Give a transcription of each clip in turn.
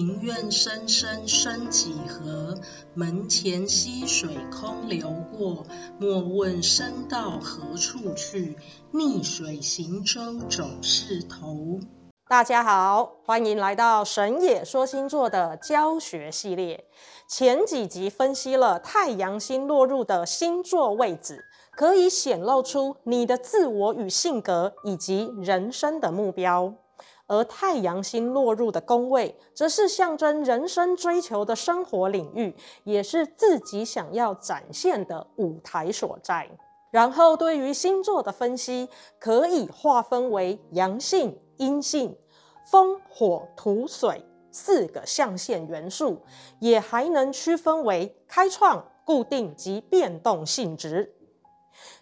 庭院深深深幾何，門前溪水空流過。莫問身到何處去，逆水行舟總是頭。大家好，歡迎來到神野說星座的教學系列。前幾集分析了太陽星落入的星座位置，可以顯露出你的自我與性格以及人生的目標。而太陽星落入的宮位，則是象徵人生追求的生活領域，也是自己想要展現的舞台所在。然後，對於星座的分析，可以劃分為陽性、陰性、風、火、土、水四個象限元素，也還能區分為開創、固定及變動性質，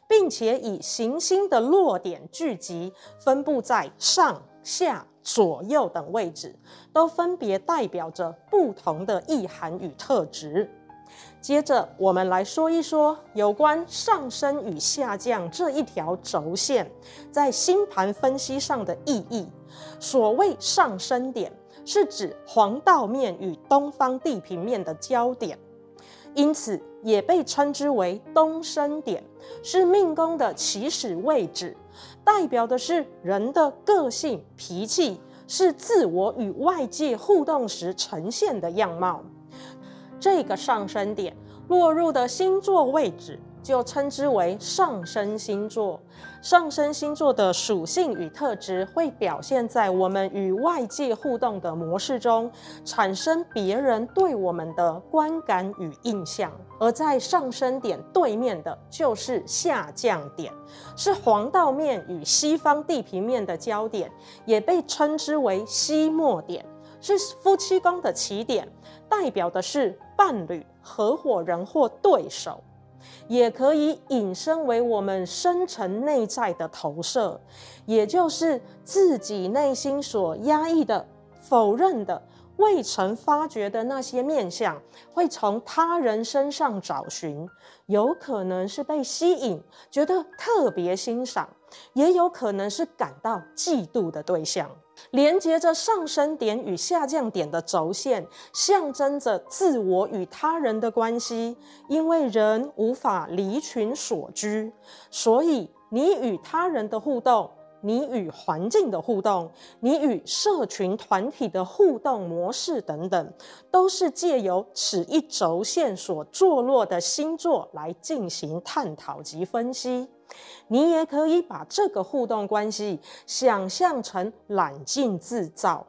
並且以行星的落點聚集分布在上下。左右等位置都分別代表着不同的意涵與特質。接着，我們來說一說有關上升與下降這一條軸線在星盤分析上的意義。所謂上升點，是指黃道面與東方地平面的交點，因此也被稱之為東升點，是命宮的起始位置。代表的是人的個性、脾氣，是自我與外界互動時呈現的樣貌。這個上升點落入的星座位置，就稱之為上升星座。上升星座的屬性與特質會表現在我們與外界互動的模式中，產生別人對我們的觀感與印象。而在上升點對面的就是下降點，是黃道面與西方地平面的交點，也被稱之為西沒點，是夫妻宮的起點，代表的是伴侶、合夥人或對手。也可以引申為我們深層內在的投射，也就是自己內心所壓抑的、否認的。未曾發覺的那些面向，會從他人身上找尋，有可能是被吸引，覺得特別欣賞，也有可能是感到嫉妒的對象。連接着上升點與下降點的軸線，象徵着自我與他人的關係。因為人無法離群索居，所以你與他人的互動。你與環境的互動，你與社群團體的互動模式等等，都是借由此一軸線所坐落的星座來進行探討及分析。你也可以把這個互動關係想象成攬鏡自照，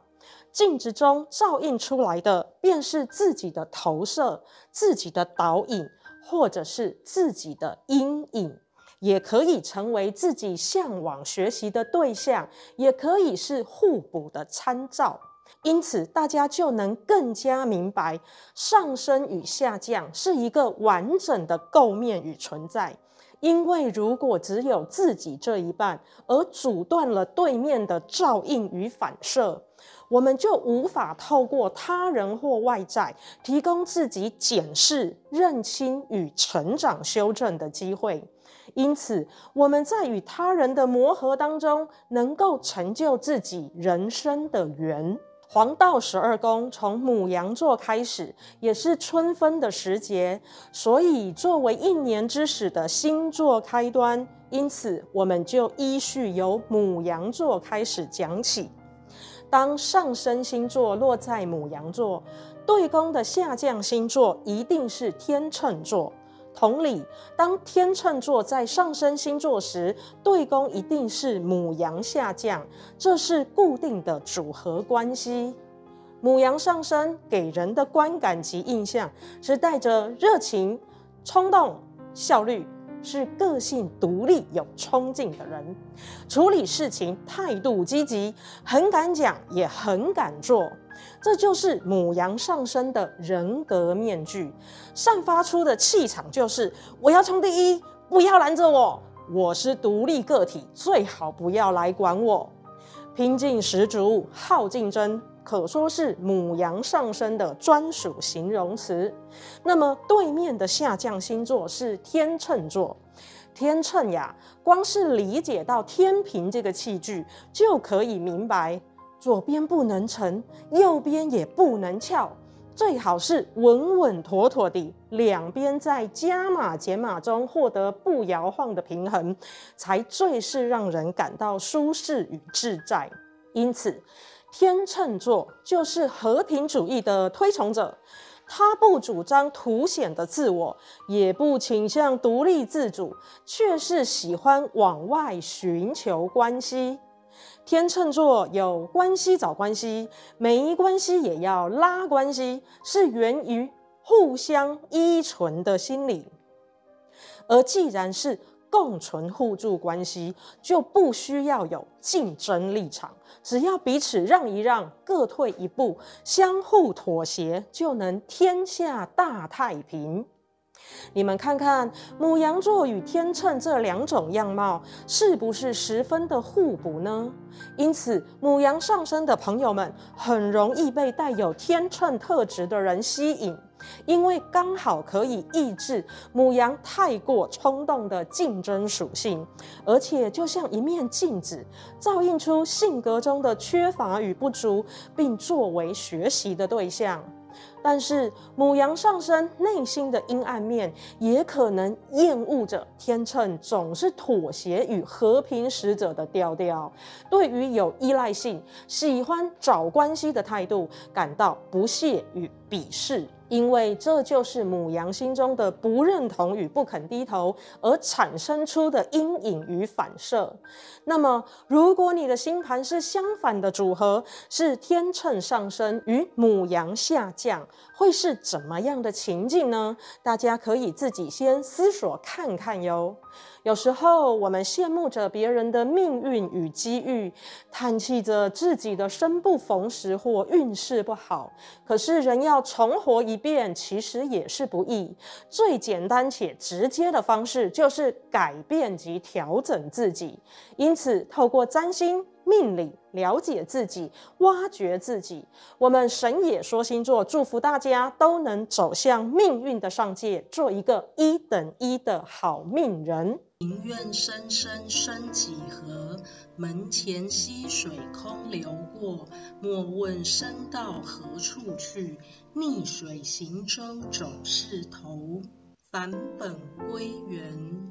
鏡子中照映出來的便是自己的投射、自己的倒影，或者是自己的陰影。也可以成為自己嚮往學習的對象，也可以是互補的參照。因此，大家就能更加明白，上升與下降是一個完整的構面與存在。因為如果只有自己這一半，而阻斷了對面的照應與反射，我們就無法透過他人或外在提供自己檢視、認清與成長修正的機會。因此，我們在與他人的磨合當中，能夠成就自己人生的緣。黃道十二宮從牡羊座開始，也是春分的時節，所以作為一年之始的星座開端，因此我們就依序由牡羊座開始講起。當上升星座落在牡羊座，對宮的下降星座一定是天秤座。同理，當天秤座在上升星座時，對宮一定是牡羊下降，這是固定的組合關係。牡羊上升給人的觀感及印象是帶着熱情、衝動、效率。是個性獨立、有衝勁的人，處理事情態度積極，很敢講，也很敢做。這就是牡羊上升的人格面具散發出的氣場，就是我要衝第一，不要攔着我，我是獨立個體，最好不要來管我，拼勁十足，好競爭。可說是牡羊上升的專屬形容詞。那麼，對面的下降星座是天秤座。天秤呀，光是理解到天平這個器具，就可以明白左邊不能沉，右邊也不能翹，最好是穩穩妥妥的，兩邊在加碼減碼中獲得不搖晃的平衡，才最是讓人感到舒適與自在。因此，天秤座就是和平主義的推崇者，他不主張凸顯的自我，也不傾向獨立自主，卻是喜歡往外尋求關係。天秤座有關係找關係，沒關係也要拉關係，是源於互相依存的心靈。而既然是共存互助關係，就不需要有競爭立場，只要彼此讓一讓，各退一步，相互妥協，就能天下大太平。你們看看牡羊座與天秤這兩種樣貌，是不是十分的互補呢？因此，牡羊上升的朋友們很容易被帶有天秤特質的人吸引。因為剛好可以抑制牡羊太過衝動的競爭屬性，而且就像一面鏡子，照映出性格中的缺乏與不足，並作為學習的對象。但是牡羊上升內心的陰暗面，也可能厭惡着天秤總是妥協與和平使者的調調，對於有依賴性、喜歡找關係的態度感到不屑與鄙視。因為這就是牡羊心中的不認同與不肯低頭而產生出的陰影與反射。那麼，如果你的星盤是相反的組合，是天秤上升與牡羊下降，會是怎麼樣的情境呢？大家可以自己先思索看看喲。有時候，我們羨慕着別人的命運與機遇，嘆氣着自己的生不逢時或運勢不好。可是，人要重活一遍，其實也是不易。最簡單且直接的方式，就是改變及調整自己。因此，透過占星，命理，了解自己，挖掘自己。我們神野說星座祝福大家都能走向命運的上界，做一個一等一的好命人。庭院深深深幾何？門前溪水空流過。莫問身到何處去，逆水行舟總是頭。返本歸元。